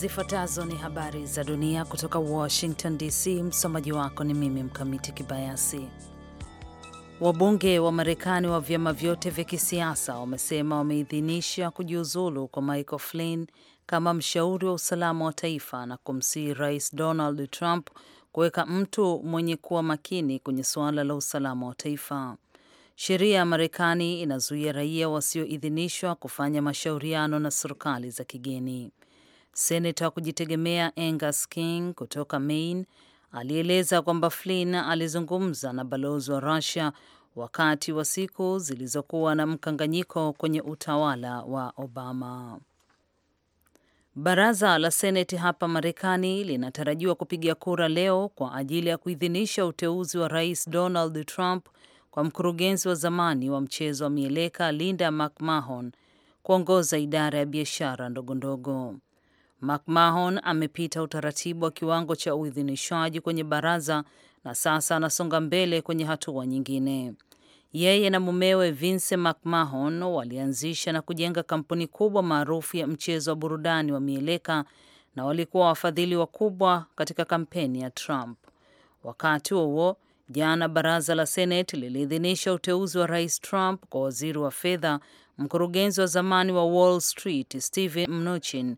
Zifuatazo ni habari za dunia kutoka Washington DC. Msomaji wako ni mimi Mkamiti Kibayasi. Wabunge wa Marekani wa vyama vyote vya kisiasa wamesema wameidhinisha kujiuzulu kwa Michael Flynn kama mshauri wa usalama wa taifa na kumsihi Rais Donald Trump kuweka mtu mwenye kuwa makini kwenye suala la usalama wa taifa. Sheria ya Marekani inazuia raia wasioidhinishwa kufanya mashauriano na serikali za kigeni. Seneta wa kujitegemea Angus King kutoka Maine alieleza kwamba Flynn alizungumza na balozi wa Russia wakati wa siku zilizokuwa na mkanganyiko kwenye utawala wa Obama. Baraza la Seneti hapa Marekani linatarajiwa kupiga kura leo kwa ajili ya kuidhinisha uteuzi wa Rais Donald Trump kwa mkurugenzi wa zamani wa mchezo wa mieleka Linda McMahon kuongoza idara ya biashara ndogondogo. McMahon amepita utaratibu wa kiwango cha uidhinishwaji kwenye baraza na sasa anasonga mbele kwenye hatua nyingine. Yeye na mumewe Vince McMahon walianzisha na kujenga kampuni kubwa maarufu ya mchezo wa burudani wa mieleka na walikuwa wafadhili wakubwa katika kampeni ya Trump. Wakati huo huo, jana baraza la Senate liliidhinisha uteuzi wa Rais Trump kwa waziri wa fedha, mkurugenzi wa zamani wa Wall Street Steven Mnuchin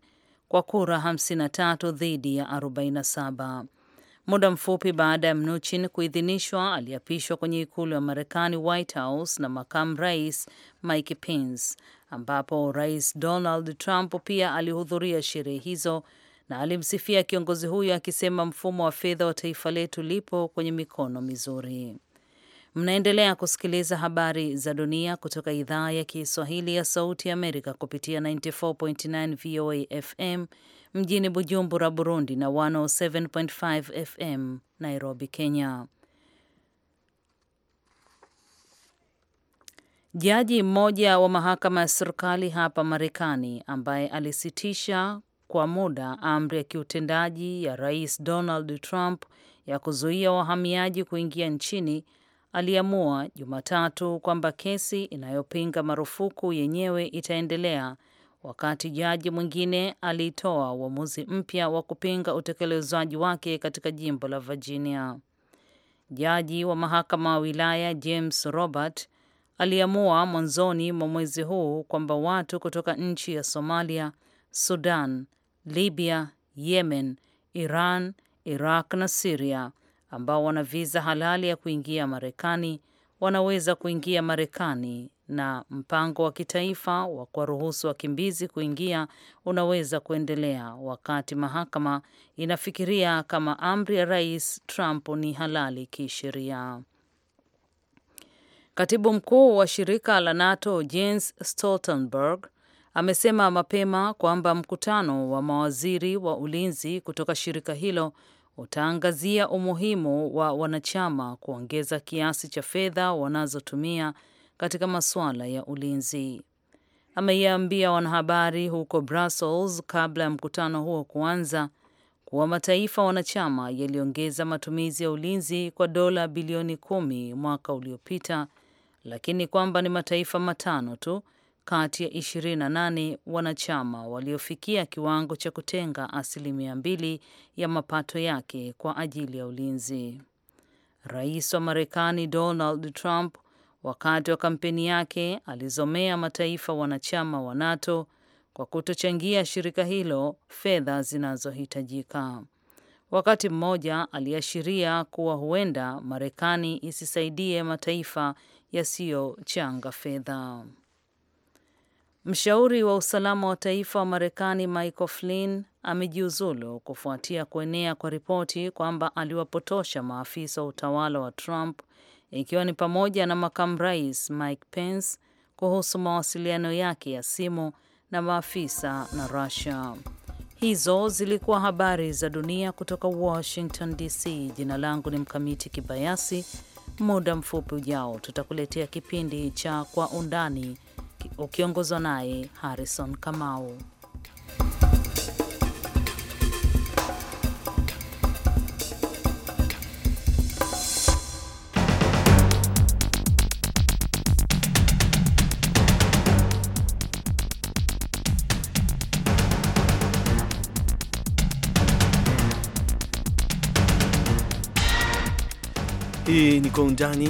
kwa kura 53 dhidi ya 47. Muda mfupi baada ya Mnuchin kuidhinishwa, aliapishwa kwenye ikulu ya Marekani, White House, na makamu rais Mike Pence, ambapo rais Donald Trump pia alihudhuria sherehe hizo na alimsifia kiongozi huyo akisema mfumo wa fedha wa taifa letu lipo kwenye mikono mizuri. Mnaendelea kusikiliza habari za dunia kutoka idhaa ya Kiswahili ya Sauti ya Amerika kupitia 94.9 VOA FM mjini Bujumbura, Burundi na 107.5 FM Nairobi, Kenya. Jaji mmoja wa mahakama ya serikali hapa Marekani ambaye alisitisha kwa muda amri ya kiutendaji ya Rais Donald Trump ya kuzuia wahamiaji kuingia nchini aliamua Jumatatu kwamba kesi inayopinga marufuku yenyewe itaendelea wakati jaji mwingine aliitoa uamuzi mpya wa kupinga utekelezaji wake katika jimbo la Virginia. Jaji wa mahakama wa wilaya James Robert aliamua mwanzoni mwa mwezi huu kwamba watu kutoka nchi ya Somalia, Sudan, Libya, Yemen, Iran, Iraq na Siria ambao wana viza halali ya kuingia Marekani wanaweza kuingia Marekani na mpango wa kitaifa wa kuwaruhusu wakimbizi kuingia unaweza kuendelea wakati mahakama inafikiria kama amri ya Rais Trump ni halali kisheria. Katibu mkuu wa shirika la NATO Jens Stoltenberg amesema mapema kwamba mkutano wa mawaziri wa ulinzi kutoka shirika hilo utaangazia umuhimu wa wanachama kuongeza kiasi cha fedha wanazotumia katika masuala ya ulinzi. Ameiambia wanahabari huko Brussels kabla ya mkutano huo kuanza kuwa mataifa wanachama yaliongeza matumizi ya ulinzi kwa dola bilioni kumi mwaka uliopita, lakini kwamba ni mataifa matano tu kati ya 28 wanachama waliofikia kiwango cha kutenga asilimia mbili ya mapato yake kwa ajili ya ulinzi. Rais wa Marekani Donald Trump wakati wa kampeni yake alizomea mataifa wanachama wa NATO kwa kutochangia shirika hilo fedha zinazohitajika. Wakati mmoja aliashiria kuwa huenda Marekani isisaidie mataifa yasiyochanga fedha. Mshauri wa usalama wa taifa wa Marekani Michael Flynn amejiuzulu kufuatia kuenea kwa ripoti kwamba aliwapotosha maafisa wa utawala wa Trump, ikiwa ni pamoja na makamu rais Mike Pence kuhusu mawasiliano yake ya simu na maafisa na Russia. Hizo zilikuwa habari za dunia kutoka Washington DC. Jina langu ni Mkamiti Kibayasi. Muda mfupi ujao tutakuletea kipindi cha Kwa Undani ukiongozwa naye Harrison Kamau. Hii ni Kwa Undani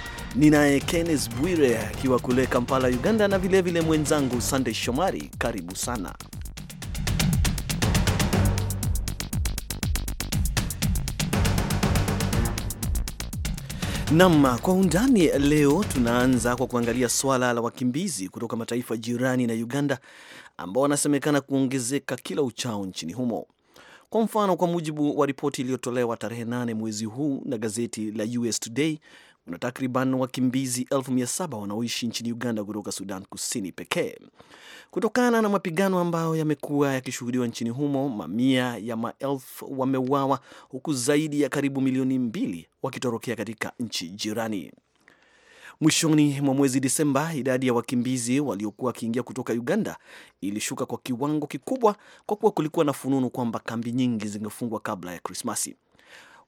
Ninaye Kenneth Bwire akiwa kule Kampala, Uganda, na vilevile vile mwenzangu Sandey Shomari. Karibu sana. Nam, kwa undani leo tunaanza kwa kuangalia swala la wakimbizi kutoka mataifa jirani na Uganda ambao wanasemekana kuongezeka kila uchao nchini humo. Kwa mfano, kwa mujibu wa ripoti iliyotolewa tarehe 8 mwezi huu na gazeti la US Today, kuna takriban wakimbizi 7 wanaoishi nchini Uganda kutoka Sudan Kusini pekee. Kutokana na mapigano ambayo yamekuwa yakishuhudiwa nchini humo, mamia ya maelfu wameuawa, huku zaidi ya karibu milioni mbili wakitorokea katika nchi jirani. Mwishoni mwa mwezi Desemba, idadi ya wakimbizi waliokuwa wakiingia kutoka Uganda ilishuka kwa kiwango kikubwa, kwa kuwa kulikuwa na fununu kwamba kambi nyingi zingefungwa kabla ya Krismasi.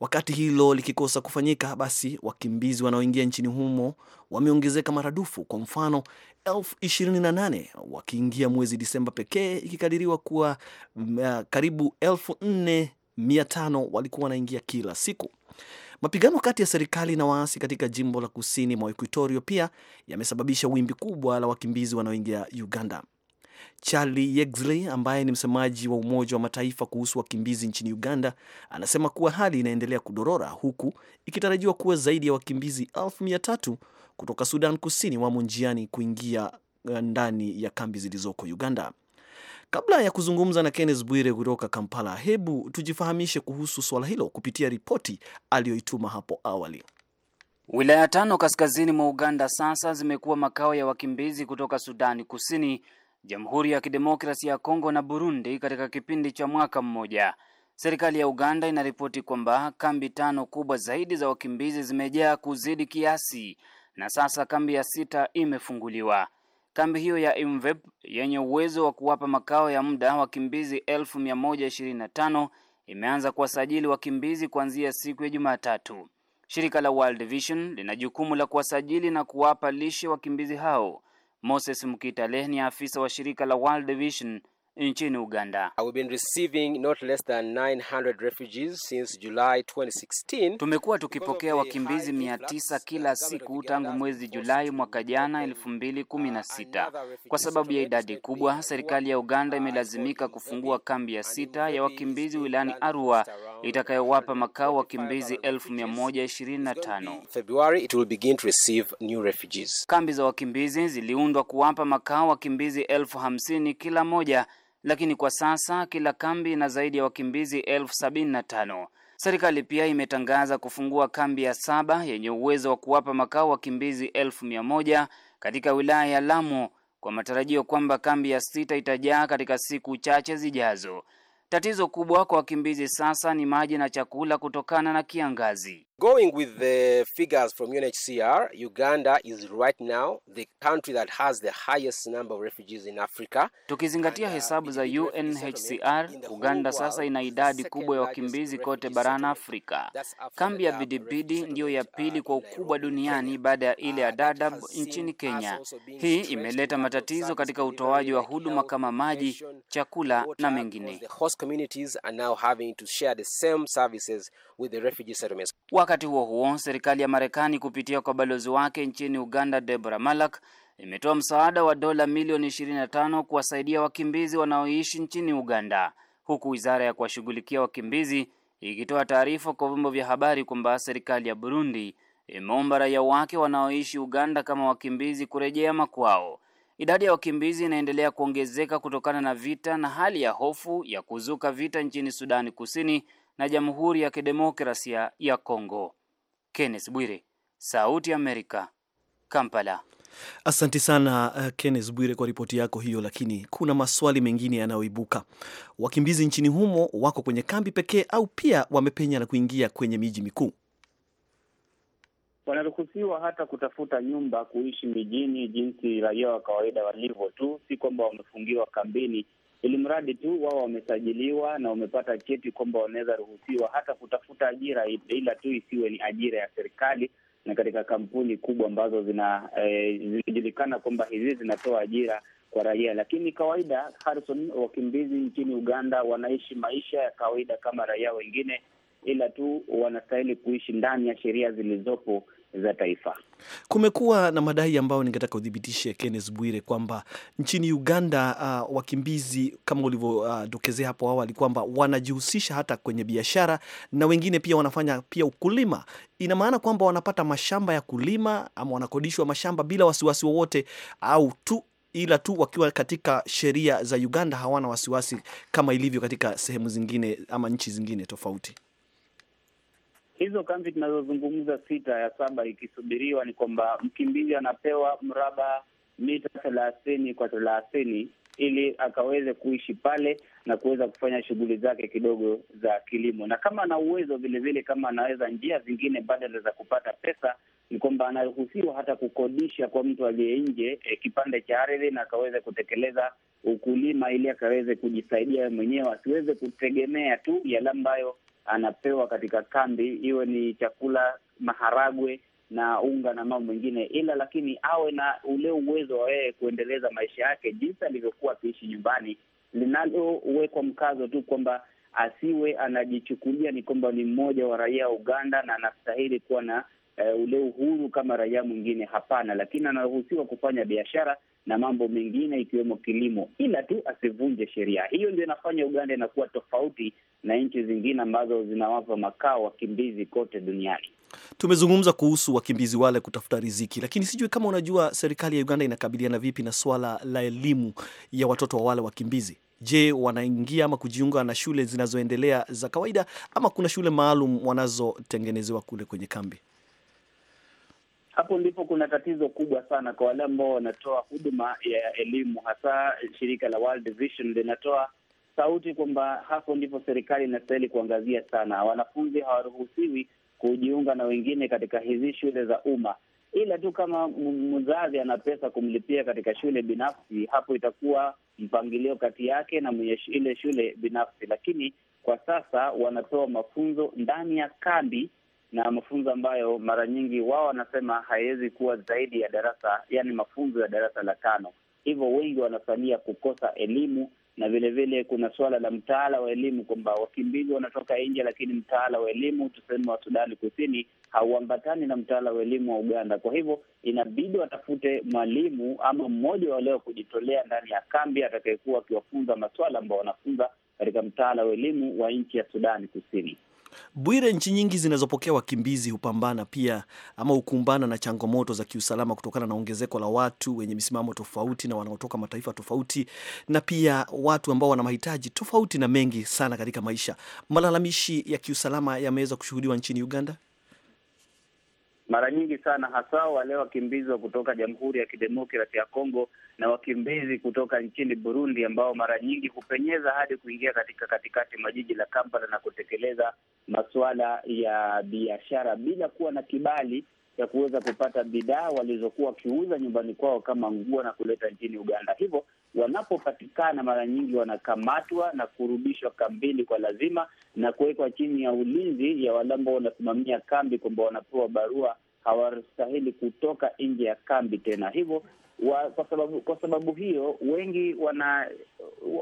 Wakati hilo likikosa kufanyika, basi wakimbizi wanaoingia nchini humo wameongezeka maradufu. Kwa mfano, elfu ishirini na nane wakiingia mwezi Disemba pekee, ikikadiriwa kuwa mm, eh, karibu elfu nne mia tano walikuwa wanaingia kila siku. Mapigano kati ya serikali na waasi katika jimbo la kusini mwa equitorio pia yamesababisha wimbi kubwa la wakimbizi wanaoingia Uganda. Charlie Yegsley ambaye ni msemaji wa Umoja wa Mataifa kuhusu wakimbizi nchini Uganda anasema kuwa hali inaendelea kudorora huku ikitarajiwa kuwa zaidi ya wakimbizi elfu mia tatu kutoka Sudan Kusini wamo njiani kuingia eh, ndani ya kambi zilizoko Uganda. Kabla ya kuzungumza na Kenneth Bwire kutoka Kampala, hebu tujifahamishe kuhusu suala hilo kupitia ripoti aliyoituma hapo awali. Wilaya tano kaskazini mwa Uganda sasa zimekuwa makao ya wakimbizi kutoka Sudani Kusini Jamhuri ya Kidemokrasia ya Kongo na Burundi katika kipindi cha mwaka mmoja. Serikali ya Uganda inaripoti kwamba kambi tano kubwa zaidi za wakimbizi zimejaa kuzidi kiasi na sasa kambi ya sita imefunguliwa. Kambi hiyo ya Imvep yenye uwezo wa kuwapa makao ya muda wakimbizi 1125 imeanza kuwasajili wakimbizi kuanzia siku ya Jumatatu. Shirika la World Vision lina jukumu la kuwasajili na kuwapa lishe wakimbizi hao. Moses Mkita ni afisa wa shirika la World Vision nchini Uganda. Tumekuwa tukipokea wakimbizi tisa kila siku tangu mwezi Julai mwaka jana sita. Uh, Kwa sababu ya idadi kubwa, serikali ya Uganda imelazimika kufungua kambi ya sita ya wakimbizi wilayani Arua itakayowapa makao wakimbizi 1125. February it will begin to receive new refugees. Kambi za wakimbizi ziliundwa kuwapa makao wakimbizi elfu hamsini kila moja lakini kwa sasa kila kambi ina zaidi ya wakimbizi elfu sabini na tano. Serikali pia imetangaza kufungua kambi ya saba yenye uwezo wa kuwapa makao wakimbizi elfu mia moja katika wilaya ya Lamu kwa matarajio kwamba kambi ya sita itajaa katika siku chache zijazo. Tatizo kubwa kwa wakimbizi sasa ni maji na chakula kutokana na kiangazi. Going with the figures from UNHCR, Uganda is right now the country that has the highest number of refugees in Africa. Tukizingatia uh, hesabu za UNHCR, Uganda sasa ina idadi kubwa ya wakimbizi kote barani Afrika. Kambi ya Bidibidi ndiyo ya pili kwa ukubwa duniani baada ya ile ya Dadaab nchini Kenya. Hii imeleta matatizo katika utoaji wa huduma kama maji, chakula na mengine. Wakati Wakati huo huo, serikali ya Marekani kupitia kwa balozi wake nchini Uganda Deborah Malak imetoa msaada wa dola milioni 25 kuwasaidia wakimbizi wanaoishi nchini Uganda, huku wizara ya kuwashughulikia wakimbizi ikitoa taarifa kwa vyombo vya habari kwamba serikali ya Burundi imeomba raia wake wanaoishi Uganda kama wakimbizi kurejea makwao. Idadi ya wakimbizi inaendelea kuongezeka kutokana na vita na hali ya hofu ya kuzuka vita nchini Sudani Kusini na Jamhuri ya Kidemokrasia ya Kongo. Kenneth Bwire, Sauti Amerika, Kampala. Asante sana uh, Kenneth Bwire kwa ripoti yako hiyo, lakini kuna maswali mengine yanayoibuka. Wakimbizi nchini humo wako kwenye kambi pekee au pia wamepenya na kuingia kwenye miji mikuu? Wanaruhusiwa hata kutafuta nyumba kuishi mijini jinsi raia wa kawaida walivyo tu, si kwamba wamefungiwa kambini ili mradi tu wao wamesajiliwa na wamepata cheti kwamba wanaweza ruhusiwa hata kutafuta ajira, ila tu isiwe ni ajira ya serikali na katika kampuni kubwa ambazo zinajulikana eh, e, kwamba hizi zinatoa ajira kwa raia. Lakini kawaida, Harrison, wakimbizi nchini Uganda wanaishi maisha ya kawaida kama raia wengine, ila tu wanastahili kuishi ndani ya sheria zilizopo za taifa. Kumekuwa na madai ambayo ningetaka udhibitishe, Kenneth Bwire, kwamba nchini Uganda uh, wakimbizi kama ulivyodokezea uh, hapo awali kwamba wanajihusisha hata kwenye biashara na wengine pia wanafanya pia ukulima. Ina maana kwamba wanapata mashamba ya kulima ama wanakodishwa mashamba bila wasiwasi wowote, au tu ila tu wakiwa katika sheria za Uganda hawana wasiwasi kama ilivyo katika sehemu zingine ama nchi zingine tofauti hizo kambi tunazozungumza sita, ya saba ikisubiriwa ni kwamba mkimbizi anapewa mraba mita thelathini kwa thelathini ili akaweze kuishi pale na kuweza kufanya shughuli zake kidogo za kilimo, na kama ana uwezo vilevile, kama anaweza njia zingine badala za kupata pesa, ni kwamba anaruhusiwa hata kukodisha kwa mtu aliye nje e, kipande cha ardhi na akaweze kutekeleza ukulima ili akaweze kujisaidia mwenyewe, asiweze kutegemea tu yale ambayo anapewa katika kambi, iwe ni chakula, maharagwe na unga na mambo mengine, ila lakini awe na ule uwezo wa yeye kuendeleza maisha yake jinsi alivyokuwa akiishi nyumbani, linalowekwa mkazo tu kwamba asiwe anajichukulia ni kwamba ni mmoja wa raia wa Uganda na anastahili kuwa na eh, ule uhuru kama raia mwingine, hapana, lakini anaruhusiwa kufanya biashara na mambo mengine ikiwemo kilimo, ila tu asivunje sheria. Hiyo ndio inafanya Uganda inakuwa tofauti na nchi zingine ambazo zinawapa makao wakimbizi kote duniani. Tumezungumza kuhusu wakimbizi wale kutafuta riziki, lakini sijui kama unajua serikali ya Uganda inakabiliana vipi na swala la elimu ya watoto wa wale wakimbizi. Je, wanaingia ama kujiunga na shule zinazoendelea za kawaida ama kuna shule maalum wanazotengenezewa kule kwenye kambi? Hapo ndipo kuna tatizo kubwa sana kwa wale ambao wanatoa huduma ya elimu, hasa eh, shirika la World Vision linatoa sauti kwamba hapo ndipo serikali inastahili kuangazia sana. Wanafunzi hawaruhusiwi kujiunga na wengine katika hizi shule za umma, ila tu kama mzazi ana pesa kumlipia katika shule binafsi, hapo itakuwa mpangilio kati yake na mwenye ile shule binafsi. Lakini kwa sasa wanatoa mafunzo ndani ya kambi na mafunzo ambayo mara nyingi wao wanasema haiwezi kuwa zaidi ya darasa, yani mafunzo ya darasa la tano. Hivyo wengi wanasalia kukosa elimu, na vilevile kuna suala la mtaala wa elimu kwamba wakimbizi wanatoka nje, lakini mtaala wa elimu tuseme wa Sudani Kusini hauambatani na mtaala wa elimu wa Uganda. Kwa hivyo inabidi watafute mwalimu ama mmoja wa leo kujitolea ndani ya kambi atakayekuwa akiwafunza maswala ambao wanafunza katika mtaala wa elimu wa nchi ya Sudani Kusini. Bwire, nchi nyingi zinazopokea wakimbizi hupambana pia ama hukumbana na changamoto za kiusalama kutokana na ongezeko la watu wenye misimamo tofauti na wanaotoka mataifa tofauti, na pia watu ambao wana mahitaji tofauti na mengi sana katika maisha. Malalamishi ya kiusalama yameweza kushuhudiwa nchini Uganda mara nyingi sana, hasa wale wakimbizi wa kutoka Jamhuri ya Kidemokrasi ya Kongo na wakimbizi kutoka nchini Burundi, ambao mara nyingi hupenyeza hadi kuingia katika katikati mwa jiji la Kampala na kutekeleza masuala ya biashara bila kuwa na kibali ya kuweza kupata bidhaa walizokuwa wakiuza nyumbani kwao kama nguo na kuleta nchini Uganda. Hivyo wanapopatikana, mara nyingi wanakamatwa na kurudishwa kambini kwa lazima na kuwekwa chini ya ulinzi ya wale ambao wanasimamia kambi, kwamba wanapewa barua hawastahili kutoka nje ya kambi tena. Hivyo wa, kwa sababu kwa sababu hiyo wengi wana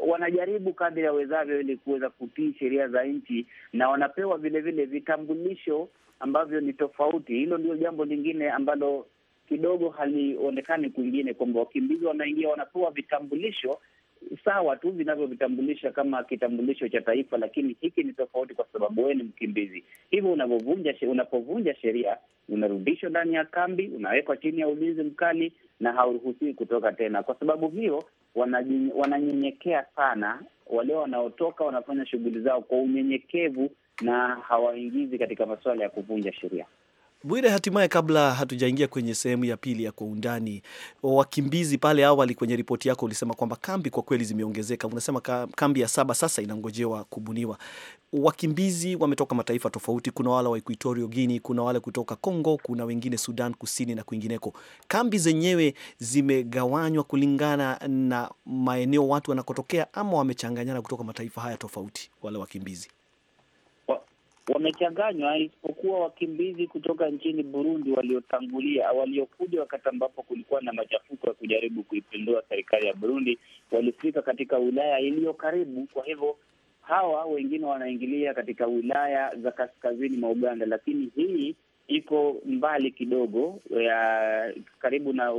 wanajaribu kadri ya wezavyo ili kuweza kutii sheria za nchi, na wanapewa vilevile vitambulisho ambavyo ni tofauti. Hilo ndio jambo lingine ambalo kidogo halionekani kwingine, kwamba wakimbizi wanaingia wanapewa vitambulisho sawa tu vinavyovitambulisha kama kitambulisho cha taifa, lakini hiki ni tofauti kwa sababu wewe ni mkimbizi. Hivyo unapovunja unapovunja sheria, unarudishwa ndani ya kambi, unawekwa chini ya ulinzi mkali na hauruhusiwi kutoka tena. Kwa sababu hiyo wananyenyekea sana, wale wanaotoka wanafanya shughuli zao kwa unyenyekevu na hawaingizi katika masuala ya kuvunja sheria. Bwire, hatimaye, kabla hatujaingia kwenye sehemu ya pili ya kwa undani, wakimbizi pale awali, kwenye ripoti yako ulisema kwamba kambi kwa kweli zimeongezeka. Unasema kambi ya saba sasa inangojewa kubuniwa. Wakimbizi wametoka mataifa tofauti, kuna wale wa Equatorial Guinea, kuna wale kutoka Congo, kuna wengine Sudan Kusini na kwingineko. Kambi zenyewe zimegawanywa kulingana na maeneo watu wanakotokea, ama wamechanganyana kutoka mataifa haya tofauti, wale wakimbizi? wamechanganywa, isipokuwa wakimbizi kutoka nchini Burundi waliotangulia, waliokuja wakati ambapo kulikuwa na machafuko ya kujaribu kuipindua serikali ya Burundi, walifika katika wilaya iliyo karibu. Kwa hivyo hawa wengine wanaingilia katika wilaya za kaskazini mwa Uganda, lakini hii iko mbali kidogo ya karibu na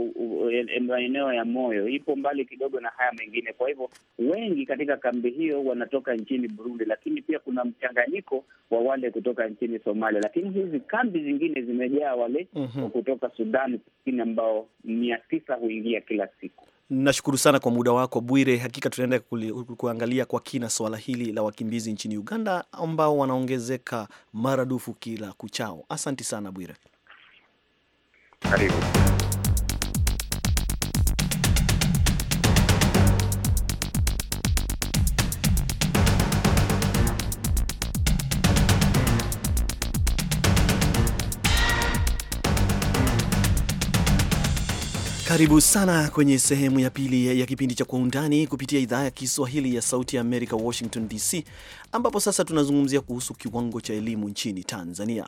e, maeneo ya Moyo, ipo mbali kidogo na haya mengine. Kwa hivyo wengi katika kambi hiyo wanatoka nchini Burundi, lakini pia kuna mchanganyiko wa wale kutoka nchini Somalia, lakini hizi kambi zingine zimejaa wale mm -hmm. kutoka Sudan Kusini ambao mia tisa huingia kila siku. Nashukuru sana kwa muda wako Bwire. Hakika tunaenda kuangalia kwa kina swala hili la wakimbizi nchini Uganda ambao wanaongezeka maradufu kila kuchao. Asanti sana Bwire, karibu. Karibu sana kwenye sehemu ya pili ya kipindi cha Kwa Undani kupitia idhaa ya Kiswahili ya Sauti ya Amerika, Washington DC, ambapo sasa tunazungumzia kuhusu kiwango cha elimu nchini Tanzania.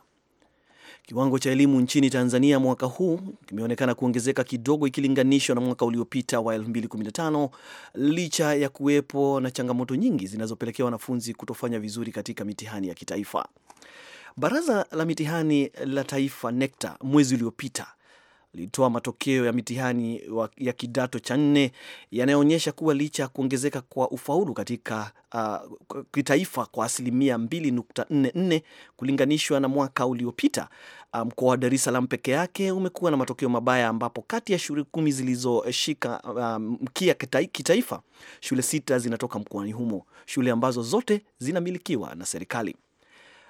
Kiwango cha elimu nchini Tanzania mwaka huu kimeonekana kuongezeka kidogo ikilinganishwa na mwaka uliopita wa 2015 licha ya kuwepo na changamoto nyingi zinazopelekea wanafunzi kutofanya vizuri katika mitihani ya kitaifa. Baraza la mitihani la Taifa, NECTA, mwezi uliopita lilitoa matokeo ya mitihani ya kidato cha nne yanayoonyesha kuwa licha ya kuongezeka kwa ufaulu katika uh, kitaifa kwa asilimia 2.44 kulinganishwa na mwaka uliopita, uh, mkoa um, wa Dar es Salaam peke yake umekuwa na matokeo mabaya, ambapo kati ya shule kumi zilizoshika um, mkia kitaifa, shule sita zinatoka mkoani humo, shule ambazo zote zinamilikiwa na serikali.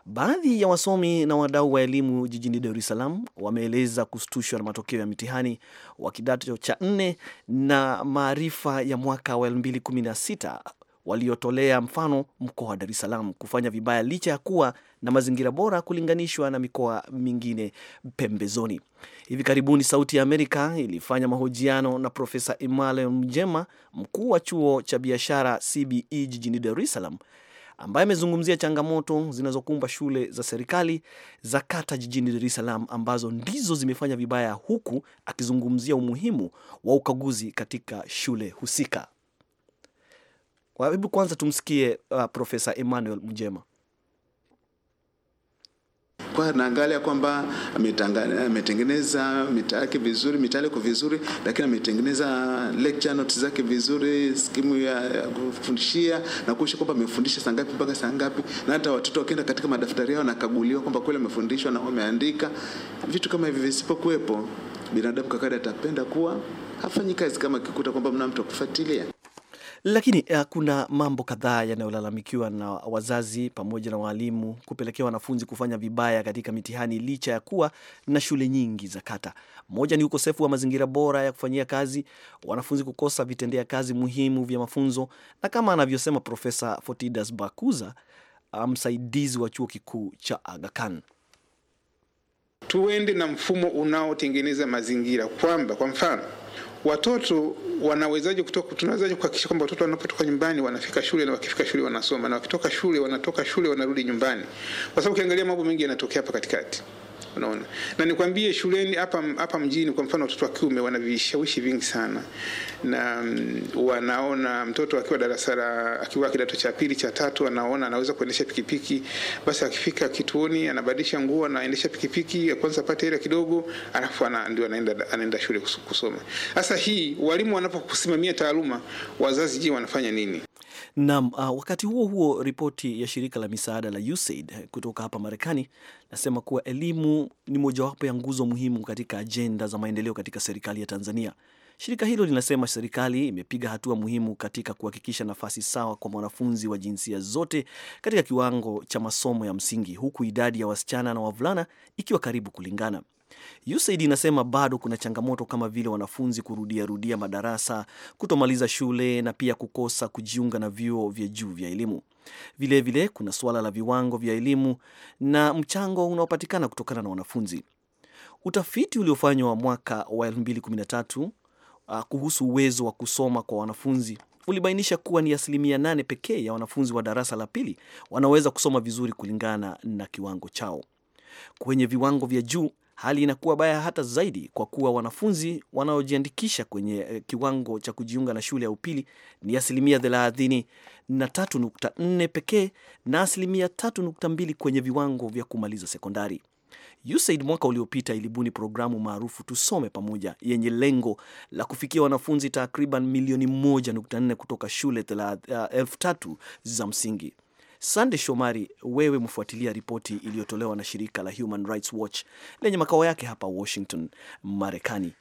Baadhi ya wasomi na wadau wa elimu jijini Dar es Salaam wameeleza kustushwa na matokeo ya mitihani wa kidato cha nne na maarifa ya mwaka wa sita waliotolea mfano mkoa wa Dar es Salaam kufanya vibaya licha ya kuwa na mazingira bora kulinganishwa na mikoa mingine pembezoni. Hivi karibuni Sauti ya Amerika ilifanya mahojiano na Profesa Emmanuel Mjema, mkuu wa chuo cha biashara CBE jijini Dar es Salaam, ambaye amezungumzia changamoto zinazokumba shule za serikali za kata jijini Dar es Salaam ambazo ndizo zimefanya vibaya, huku akizungumzia umuhimu wa ukaguzi katika shule husika. Hebu kwanza tumsikie uh, Profesa Emmanuel Mjema kwa naangalia kwamba ametengeneza mita yake vizuri, mita yake vizuri, lakini ametengeneza lecture notes zake vizuri, skimu ya kufundishia na kuisha kwamba amefundisha saa ngapi mpaka saa ngapi, na hata watoto wakienda katika madaftari yao nakaguliwa kwamba kweli amefundishwa na wameandika. Vitu kama hivi visipokuwepo, binadamu kakada atapenda kuwa hafanyi kazi kama kikuta kwamba mna mtu akufuatilia. Lakini uh, kuna mambo kadhaa yanayolalamikiwa na wazazi pamoja na waalimu kupelekea wanafunzi kufanya vibaya katika mitihani licha ya kuwa na shule nyingi za kata. Moja ni ukosefu wa mazingira bora ya kufanyia kazi, wanafunzi kukosa vitendea kazi muhimu vya mafunzo, na kama anavyosema Profesa fotidas Bakuza, msaidizi um, wa chuo kikuu cha Aga Khan tuende na mfumo unaotengeneza mazingira kwamba, kwa mfano, watoto wanawezaje kutoka, tunawezaje kuhakikisha kwamba watoto wanapotoka nyumbani wanafika shule na wakifika shule wanasoma na wakitoka shule wanatoka shule wanarudi nyumbani, kwa sababu ukiangalia mambo mengi yanatokea hapa katikati. Unaona, na nikwambie shuleni hapa hapa mjini kwa mfano, watoto wa kiume wana vishawishi vingi sana, na um, wanaona mtoto akiwa darasa la akiwa kidato cha pili cha tatu, anaona anaweza kuendesha pikipiki, basi akifika kituoni anabadilisha nguo, anaendesha pikipiki kwanza apate hela kidogo, alafu ana, ndio anaenda anaenda shule kusoma. Sasa hii walimu wanapokusimamia taaluma, wazazi je, wanafanya nini? Naam, uh, wakati huo huo, ripoti ya shirika la misaada la USAID eh, kutoka hapa Marekani nasema kuwa elimu ni mojawapo ya nguzo muhimu katika ajenda za maendeleo katika serikali ya Tanzania. Shirika hilo linasema serikali imepiga hatua muhimu katika kuhakikisha nafasi sawa kwa mwanafunzi wa jinsia zote katika kiwango cha masomo ya msingi, huku idadi ya wasichana na wavulana ikiwa karibu kulingana. USAID inasema bado kuna changamoto kama vile wanafunzi kurudiarudia madarasa, kutomaliza shule na pia kukosa kujiunga na vyuo vya juu vya elimu. Vilevile vile, kuna suala la viwango vya elimu na mchango unaopatikana kutokana na wanafunzi. Utafiti uliofanywa wa mwaka wa 2013 uh, ah, kuhusu uwezo wa kusoma kwa wanafunzi ulibainisha kuwa ni asilimia nane pekee ya wanafunzi wa darasa la pili wanaweza kusoma vizuri kulingana na kiwango chao. Kwenye viwango vya juu Hali inakuwa baya hata zaidi kwa kuwa wanafunzi wanaojiandikisha kwenye eh, kiwango cha kujiunga na shule ya upili ni asilimia 33.4 pekee na asilimia 3.2 kwenye viwango vya kumaliza sekondari. USAID mwaka uliopita ilibuni programu maarufu Tusome Pamoja yenye lengo la kufikia wanafunzi takriban milioni 1.4 kutoka shule eh, elfu tatu za msingi. Sande Shomari, wewe mfuatilia ripoti iliyotolewa na shirika la Human Rights Watch lenye makao yake hapa Washington, Marekani,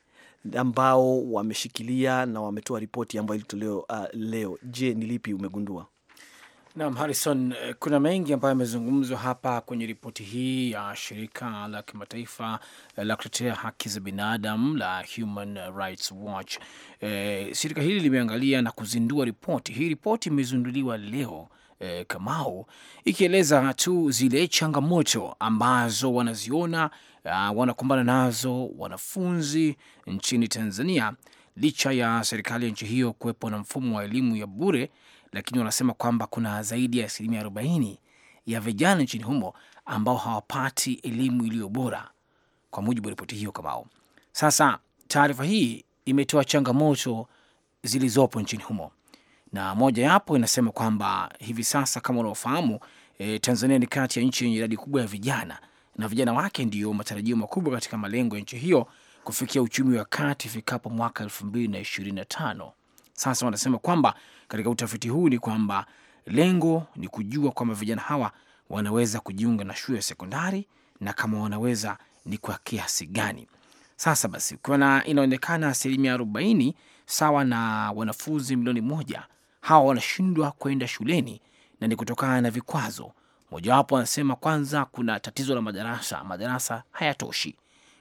ambao wameshikilia na wametoa ripoti ambayo ilitolewa uh, leo. Je, ni lipi umegundua? Naam, Harrison, eh, kuna mengi ambayo yamezungumzwa hapa kwenye ripoti hii ya shirika la kimataifa eh, la kutetea haki za binadamu la Human Rights Watch. E, shirika hili limeangalia na kuzindua ripoti hii. Ripoti imezinduliwa leo eh, Kamau, ikieleza tu zile changamoto ambazo wanaziona uh, wanakumbana nazo wanafunzi nchini Tanzania licha ya serikali ya nchi hiyo kuwepo na mfumo wa elimu ya bure, lakini wanasema kwamba kuna zaidi ya asilimia arobaini ya vijana nchini humo ambao hawapati elimu iliyo bora, kwa mujibu wa ripoti hiyo Kamao. Sasa taarifa hii imetoa changamoto zilizopo nchini humo na moja yapo inasema kwamba hivi sasa kama unaofahamu e, Tanzania ni kati ya nchi yenye idadi kubwa ya vijana na vijana wake ndiyo matarajio makubwa katika malengo ya nchi hiyo kufikia uchumi wa kati ifikapo mwaka elfu mbili na ishirini na tano. Sasa wanasema kwamba katika utafiti huu ni kwamba lengo ni kujua kwamba vijana hawa wanaweza kujiunga na shule ya sekondari na kama wanaweza ni kwa kiasi gani. Sasa basi, kuna inaonekana asilimia arobaini sawa na wanafunzi milioni moja hawa wanashindwa kwenda shuleni na ni kutokana na vikwazo. Mojawapo wanasema kwanza, kuna tatizo la madarasa, madarasa hayatoshi.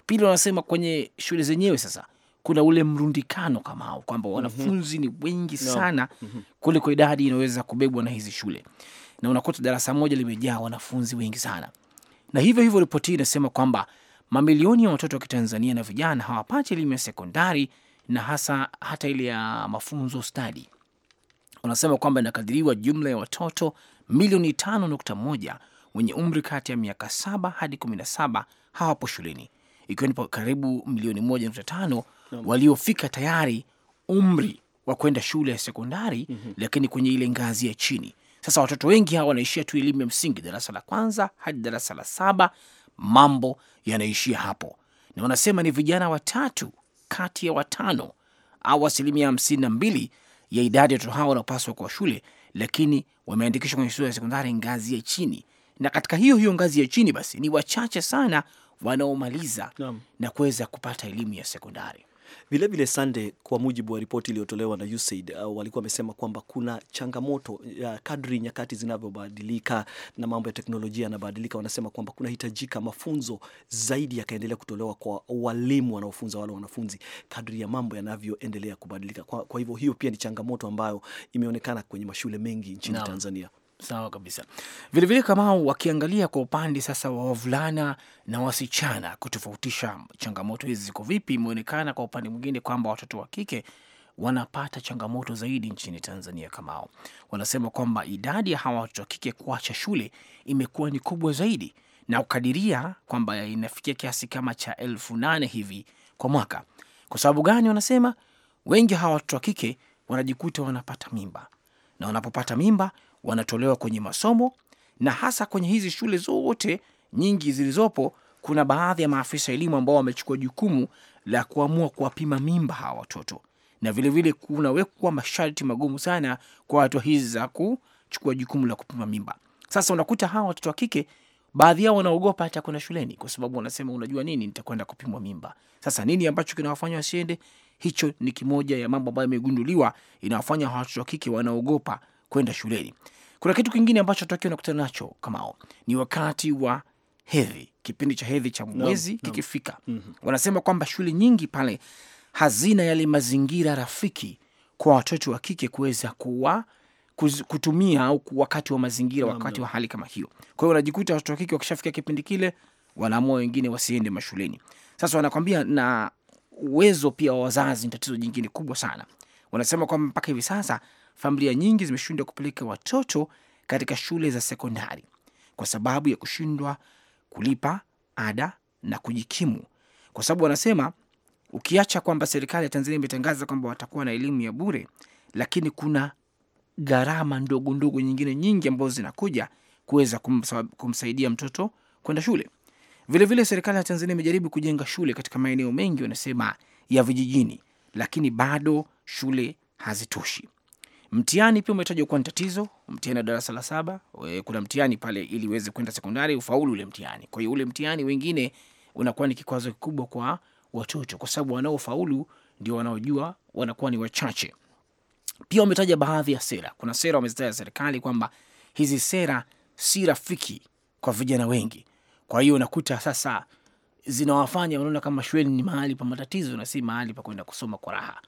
Pili, wanasema kwenye shule zenyewe sasa kuna ule mrundikano kama hao kwamba mhm. wanafunzi mm -hmm. ni wengi sana mm -hmm. kuliko idadi inaweza kubebwa na hizi shule, na unakuta darasa moja limejaa wanafunzi wengi sana. Na hivyo hivyo, ripoti hii inasema kwamba mamilioni ya watoto wa Kitanzania na vijana hawapati elimu ya sekondari na hasa hata ile ya mafunzo stadi unasema kwamba inakadiriwa jumla ya watoto milioni tano nukta moja wenye umri kati ya miaka saba hadi kumi na saba hawapo shuleni, ikiwa ni karibu milioni moja nukta tano waliofika tayari umri wa kwenda shule ya sekondari mm -hmm. Lakini kwenye ile ngazi ya chini sasa, watoto wengi hawa wanaishia tu elimu ya msingi, darasa la kwanza hadi darasa la saba, mambo yanaishia hapo, na wanasema ni vijana watatu kati ya watano au asilimia hamsini na mbili ya idadi ya watoto hao wanaopaswa kwa shule, lakini wameandikishwa kwenye shule ya sekondari ngazi ya chini, na katika hiyo hiyo ngazi ya chini basi ni wachache sana wanaomaliza na kuweza kupata elimu ya sekondari. Vilevile Sande, kwa mujibu wa ripoti iliyotolewa na USAID uh, walikuwa wamesema kwamba kuna changamoto uh, kadri nyakati zinavyobadilika na mambo ya teknolojia yanabadilika, wanasema kwamba kunahitajika mafunzo zaidi yakaendelea kutolewa kwa walimu wanaofunza wale wanafunzi kadri ya mambo yanavyoendelea kubadilika. Kwa, kwa hivyo hiyo pia ni changamoto ambayo imeonekana kwenye mashule mengi nchini Tanzania. Sawa kabisa. Vilevile kama wakiangalia kwa upande sasa wa wavulana na wasichana, kutofautisha changamoto hizi ziko vipi, imeonekana kwa upande mwingine kwamba watoto wa kike wanapata changamoto zaidi nchini Tanzania. Kamao wanasema kwamba idadi ya hawa watoto wa kike kuacha shule imekuwa ni kubwa zaidi, na ukadiria kwamba inafikia kiasi kama cha elfu nane hivi kwa mwaka. Kwa sababu gani? Wanasema wengi hawa watoto wa kike wanajikuta wanapata mimba, na wanapopata mimba wanatolewa kwenye masomo na hasa kwenye hizi shule zote nyingi zilizopo. Kuna baadhi ya maafisa elimu ambao wamechukua jukumu la kuamua kuwapima mimba hawa watoto, na vilevile kunawekwa masharti magumu sana kwa hatua hizi za kuchukua jukumu la kupima mimba. Sasa unakuta hawa watoto wa kike baadhi yao wanaogopa hata kwenda shuleni kwa sababu wanasema, unajua nini, nitakwenda kupimwa mimba. Sasa nini ambacho kinawafanya wasiende? Hicho ni kimoja ya mambo ambayo imegunduliwa inawafanya watoto wa kike wanaogopa kwenda shuleni. Kuna kitu kingine ambacho tutakiwa nakutana nacho kamao ni wakati wa hedhi, kipindi cha hedhi cha mwezi no, no. kikifika mm -hmm. wanasema kwamba shule nyingi pale hazina yale mazingira rafiki kwa watoto wa kike kuweza kuwa kutumia au wakati wa mazingira no, wakati wa hali kama hiyo. Kwa hiyo wanajikuta watoto wa kike wakishafikia kipindi kile wanaamua wengine wasiende mashuleni. Sasa wanakwambia na uwezo pia wa wazazi ni tatizo jingine kubwa sana. Wanasema kwamba mpaka hivi sasa familia nyingi zimeshindwa kupeleka watoto katika shule za sekondari kwa sababu ya kushindwa kulipa ada na kujikimu, kwa sababu wanasema ukiacha kwamba serikali ya Tanzania imetangaza kwamba watakuwa na elimu ya bure, lakini kuna gharama ndogo ndogo nyingine nyingi ambazo zinakuja kuweza kumsaidia mtoto kwenda shule. Vilevile, serikali ya Tanzania imejaribu kujenga shule katika maeneo mengi, wanasema ya vijijini, lakini bado shule hazitoshi. Mtihani pia umetajwa kuwa ni tatizo. Mtihani wa darasa la saba, kuna mtihani pale ili uweze kwenda sekondari, ufaulu ule mtihani. Kwa hiyo ule mtihani wengine unakuwa ni kikwazo kikubwa kwa watoto, kwa sababu wanaofaulu ndio wanaojua, wanakuwa ni wachache. Pia wametaja baadhi ya sera, kuna sera wamezitaja serikali kwamba hizi sera si rafiki kwa vijana wengi. Kwa hiyo unakuta sasa zinawafanya wanaona kama shule ni mahali pa matatizo na si mahali pa kwenda kusoma kwa raha.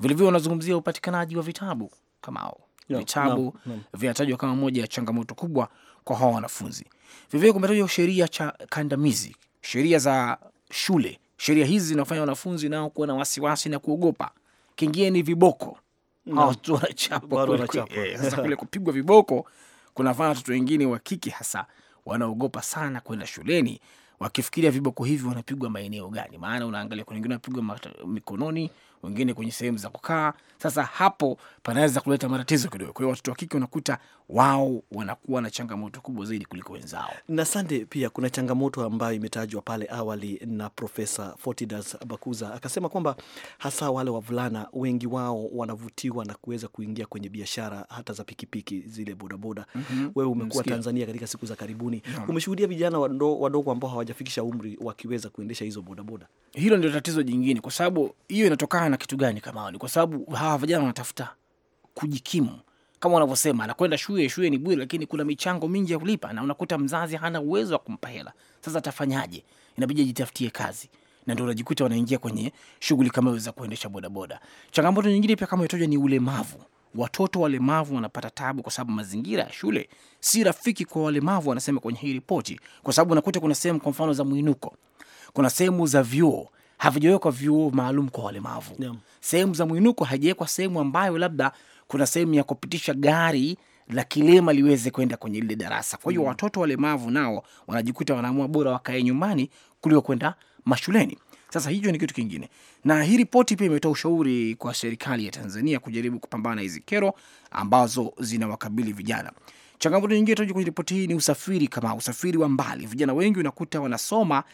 Vilevile wanazungumzia upatikanaji wa vitabu Kamau. Yeah, vitabu no, no, vinatajwa kama moja ya changamoto kubwa kwa hawa wanafunzi. Vilevile kumetajwa sheria cha kandamizi, sheria za shule. Sheria hizi zinafanya wanafunzi nao kuwa na wasiwasi na kuogopa. Kingine ni viboko, watoto wanachapwa sasa kule kupigwa viboko kunafanya watoto wengine wa kike hasa wanaogopa sana kwenda shuleni, wakifikiria viboko hivi wanapigwa maeneo gani. Maana unaangalia kuna wengine wanapigwa mikononi, wengine kwenye sehemu za kukaa. Sasa hapo panaweza kuleta matatizo kidogo. Kwa hiyo watoto wa kike unakuta wao wanakuwa na changamoto kubwa zaidi kuliko wenzao. Na sande, pia kuna changamoto ambayo imetajwa pale awali na Profesa Fortidas Bakuza, akasema kwamba hasa wale wavulana wengi wao wanavutiwa na kuweza kuingia kwenye biashara hata za pikipiki zile bodaboda. mm -hmm. Wewe umekuwa Tanzania katika siku za karibuni mm -hmm. umeshuhudia vijana wadogo ambao hawajafikisha umri wakiweza kuendesha hizo bodaboda. Hilo ndio tatizo jingine, kwa sababu hiyo inatokana wanatokana na kitu gani? Kama ni kwa sababu hawa vijana wanatafuta kujikimu kama wanavyosema, anakwenda shule, shule ni bure, lakini kuna michango mingi ya kulipa, na unakuta mzazi hana uwezo wa kumpa hela. Sasa atafanyaje? Inabidi ajitafutie kazi, na ndio unajikuta wanaingia kwenye shughuli kama hizo za kuendesha bodaboda. Changamoto nyingine pia kama itoja ni ulemavu. Watoto walemavu wanapata tabu kwa sababu mazingira ya shule si rafiki kwa walemavu, wanasema kwenye hii ripoti, kwa sababu unakuta kuna sehemu kwa mfano za mwinuko, kuna sehemu za vyuo havijawekwa vyuo maalum kwa walemavu yeah. Sehemu za mwinuko hajawekwa sehemu ambayo labda kuna sehemu ya kupitisha gari la kilema liweze kwenda kwenye lile darasa. Kwa hiyo mm. watoto walemavu nao wanajikuta wanaamua bora wakae nyumbani kuliko kwenda mashuleni. Sasa hicho ni kitu kingine, na hii ripoti pia imetoa ushauri kwa serikali ya Tanzania kujaribu kupambana hizi kero ambazo zinawakabili vijana. Changamoto nyingine toja kwenye ripoti hii ni usafiri, kama usafiri wa mbali. Vijana wengi unakuta wanasoma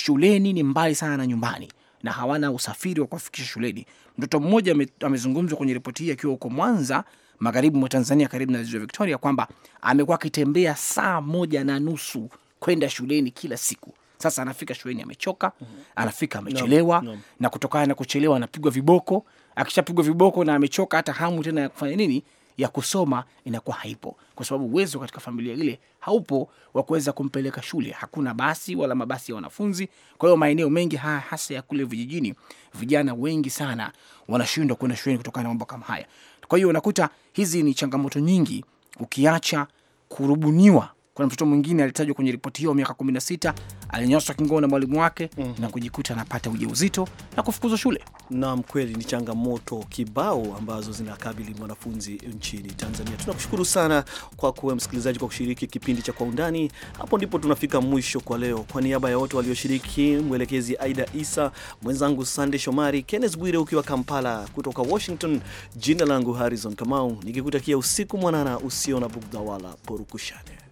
shuleni ni mbali sana na nyumbani na hawana usafiri wa kuwafikisha shuleni. Mtoto mmoja amezungumzwa kwenye ripoti hii akiwa huko Mwanza, magharibi mwa Tanzania, karibu na ziwa Victoria, kwamba amekuwa akitembea saa moja na nusu kwenda shuleni kila siku. Sasa anafika shuleni amechoka, mhm. anafika amechelewa no, no. Na kutokana na kuchelewa anapigwa viboko, akishapigwa viboko na amechoka, hata hamu tena ya kufanya nini ya kusoma inakuwa haipo, kwa sababu uwezo katika familia ile haupo wa kuweza kumpeleka shule. Hakuna basi wala mabasi ya wanafunzi. Kwa hiyo maeneo mengi haya hasa ya kule vijijini, vijana wengi sana wanashindwa kwenda shuleni kutokana na mambo kama haya. Kwa hiyo unakuta hizi ni changamoto nyingi, ukiacha kurubuniwa kuna mtoto mwingine alitajwa kwenye ripoti hiyo, miaka 16, alinyoshwa kingono na mwalimu wake mm -hmm. na kujikuta anapata ujauzito na kufukuzwa shule. Naam, kweli ni changamoto kibao ambazo zinakabili mwanafunzi nchini Tanzania. Tunakushukuru sana kwa kuwa msikilizaji, kwa kushiriki kipindi cha Kwa Undani. Hapo ndipo tunafika mwisho kwa leo. Kwa niaba ya wote walioshiriki, mwelekezi Aida Isa, mwenzangu Sande Shomari, Kenneth Bwire ukiwa Kampala, kutoka Washington, jina langu Harrison Kamau nikikutakia usiku mwanana usio na bugdha wala porukushane.